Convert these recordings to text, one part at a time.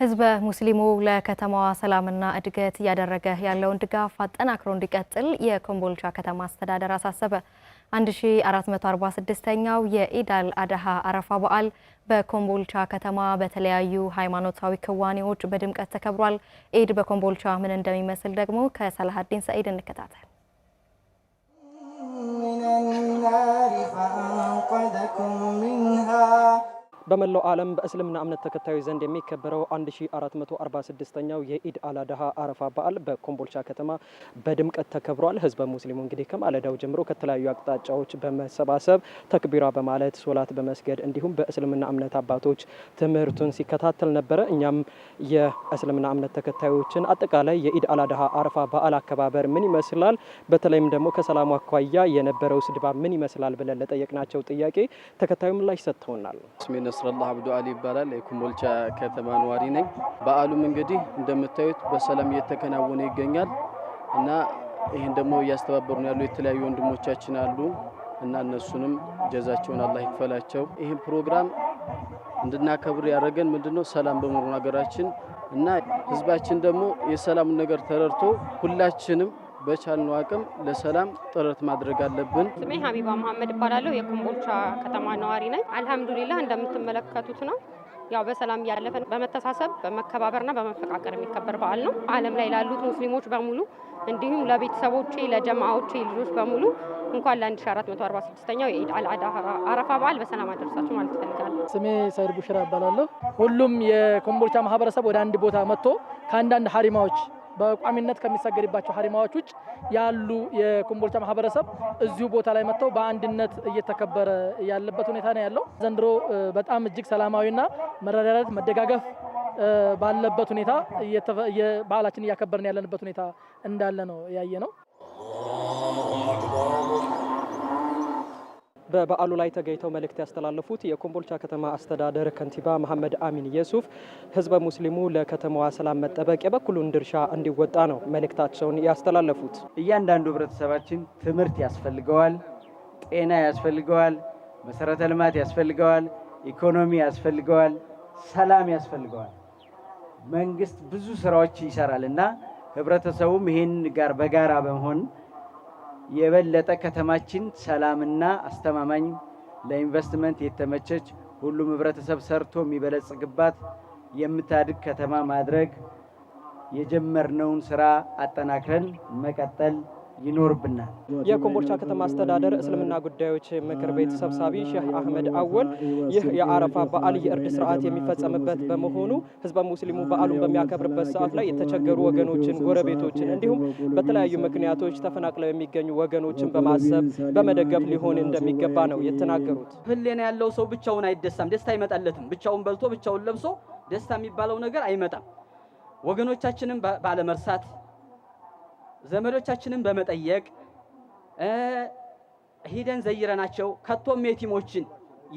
ህዝበ ሙስሊሙ ለከተማዋ ሰላምና እድገት እያደረገ ያለውን ድጋፍ አጠናክሮ እንዲቀጥል የኮምቦልቻ ከተማ አስተዳደር አሳሰበ። 1446ኛው የኢዳል አድሃ አረፋ በዓል በኮምቦልቻ ከተማ በተለያዩ ሃይማኖታዊ ክዋኔዎች በድምቀት ተከብሯል። ኢድ በኮምቦልቻ ምን እንደሚመስል ደግሞ ከሰላሀዲን ሰኢድ እንከታተል። በመላው ዓለም በእስልምና እምነት ተከታዮች ዘንድ የሚከበረው 1446ኛው የኢድ አላድሃ አረፋ በዓል በኮምቦልቻ ከተማ በድምቀት ተከብሯል። ህዝበ ሙስሊሙ እንግዲህ ከማለዳው ጀምሮ ከተለያዩ አቅጣጫዎች በመሰባሰብ ተክቢራ በማለት ሶላት በመስገድ እንዲሁም በእስልምና እምነት አባቶች ትምህርቱን ሲከታተል ነበረ። እኛም የእስልምና እምነት ተከታዮችን አጠቃላይ የኢድ አላድሃ አረፋ በዓል አከባበር ምን ይመስላል፣ በተለይም ደግሞ ከሰላሙ አኳያ የነበረው ስድባ ምን ይመስላል ብለን ለጠየቅናቸው ጥያቄ ተከታዩ ምላሽ ሰጥተውናል። ነስረላህ አብዱ አሊ ይባላል። የኮምቦልቻ ከተማ ነዋሪ ነኝ። በዓሉም እንግዲህ እንደምታዩት በሰላም እየተከናወነ ይገኛል እና ይህን ደግሞ እያስተባበሩን ያሉ የተለያዩ ወንድሞቻችን አሉ እና እነሱንም ጀዛቸውን አላህ ይክፈላቸው። ይህን ፕሮግራም እንድናከብር ያደረገን ምንድነው ሰላም በመሆኑ ሀገራችን እና ህዝባችን ደግሞ የሰላሙን ነገር ተረድቶ ሁላችንም በቻልነው አቅም ለሰላም ጥረት ማድረግ አለብን። ስሜ ሀቢባ መሀመድ እባላለሁ። የኮምቦልቻ ከተማ ነዋሪ ነኝ። አልሐምዱሊላህ እንደምትመለከቱት ነው። ያው በሰላም እያለፈን በመተሳሰብ በመከባበርና በመፈቃቀር የሚከበር በዓል ነው። ዓለም ላይ ላሉት ሙስሊሞች በሙሉ እንዲሁም ለቤተሰቦቼ ለጀማዎቼ ልጆች በሙሉ እንኳን ለ1446ኛው የኢድ አልአዳ አረፋ በዓል በሰላም አደረሳችሁ ማለት እፈልጋለሁ። ስሜ ሰይድ ቡሽራ እባላለሁ። ሁሉም የኮምቦልቻ ማህበረሰብ ወደ አንድ ቦታ መጥቶ ከአንዳንድ ሀሪማዎች በቋሚነት ከሚሰገድባቸው ሀሪማዎች ውጭ ያሉ የኮምቦልቻ ማህበረሰብ እዚሁ ቦታ ላይ መጥተው በአንድነት እየተከበረ ያለበት ሁኔታ ነው ያለው። ዘንድሮ በጣም እጅግ ሰላማዊና መረዳዳት፣ መደጋገፍ ባለበት ሁኔታ በዓላችን እያከበርን ያለንበት ሁኔታ እንዳለ ነው ያየ ነው። በበዓሉ ላይ ተገኝተው መልእክት ያስተላለፉት የኮምቦልቻ ከተማ አስተዳደር ከንቲባ መሐመድ አሚን የሱፍ ህዝበ ሙስሊሙ ለከተማዋ ሰላም መጠበቅ የበኩሉን ድርሻ እንዲወጣ ነው መልእክታቸውን ያስተላለፉት። እያንዳንዱ ህብረተሰባችን ትምህርት ያስፈልገዋል፣ ጤና ያስፈልገዋል፣ መሰረተ ልማት ያስፈልገዋል፣ ኢኮኖሚ ያስፈልገዋል፣ ሰላም ያስፈልገዋል። መንግስት ብዙ ስራዎች ይሰራል እና ህብረተሰቡም ይህን ጋር በጋራ በመሆን የበለጠ ከተማችን ሰላምና አስተማማኝ ለኢንቨስትመንት የተመቸች ሁሉም ህብረተሰብ ሰርቶ የሚበለጽግባት የምታድግ ከተማ ማድረግ የጀመርነውን ስራ አጠናክረን መቀጠል ይኖርብናል። የኮምቦልቻ ከተማ አስተዳደር እስልምና ጉዳዮች ምክር ቤት ሰብሳቢ ሼህ አህመድ አወል ይህ የአረፋ በዓል የእርድ ስርዓት የሚፈጸምበት በመሆኑ ህዝበ ሙስሊሙ በዓሉን በሚያከብርበት ሰዓት ላይ የተቸገሩ ወገኖችን፣ ጎረቤቶችን እንዲሁም በተለያዩ ምክንያቶች ተፈናቅለው የሚገኙ ወገኖችን በማሰብ በመደገፍ ሊሆን እንደሚገባ ነው የተናገሩት። ህሌና ያለው ሰው ብቻውን አይደሳም፣ ደስታ አይመጣለትም። ብቻውን በልቶ ብቻውን ለብሶ ደስታ የሚባለው ነገር አይመጣም። ወገኖቻችንም ባለመርሳት ዘመዶቻችንን በመጠየቅ ሂደን ዘይረናቸው ከቶም የቲሞችን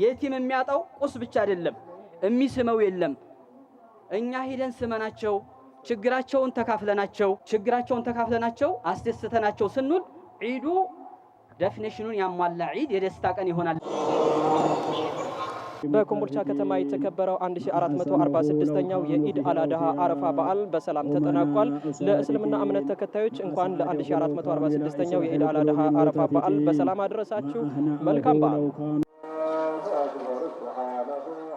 የቲም የሚያጣው ቁስ ብቻ አይደለም፣ የሚስመው የለም። እኛ ሂደን ስመናቸው ችግራቸውን ተካፍለናቸው ችግራቸውን ተካፍለናቸው አስደስተናቸው ስንል ዒዱ ደፊኔሽኑን ያሟላ ዒድ የደስታ ቀን ይሆናል። በኮምቦልቻ ከተማ የተከበረው 1446ኛው የኢድ አላድሃ አረፋ በዓል በሰላም ተጠናቋል። ለእስልምና እምነት ተከታዮች እንኳን ለ1446ኛው የኢድ አላድሃ አረፋ በዓል በሰላም አደረሳችሁ። መልካም በዓል